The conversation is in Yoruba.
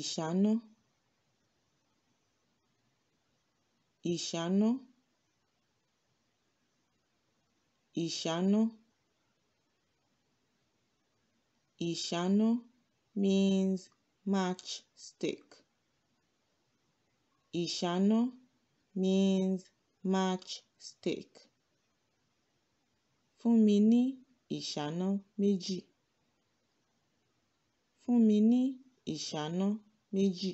ìṣáná ìṣáná ìṣáná ìṣáná means match stick ìṣáná means match stick fún mi ní ìṣáná méjì fún mi ní ìṣáná méjì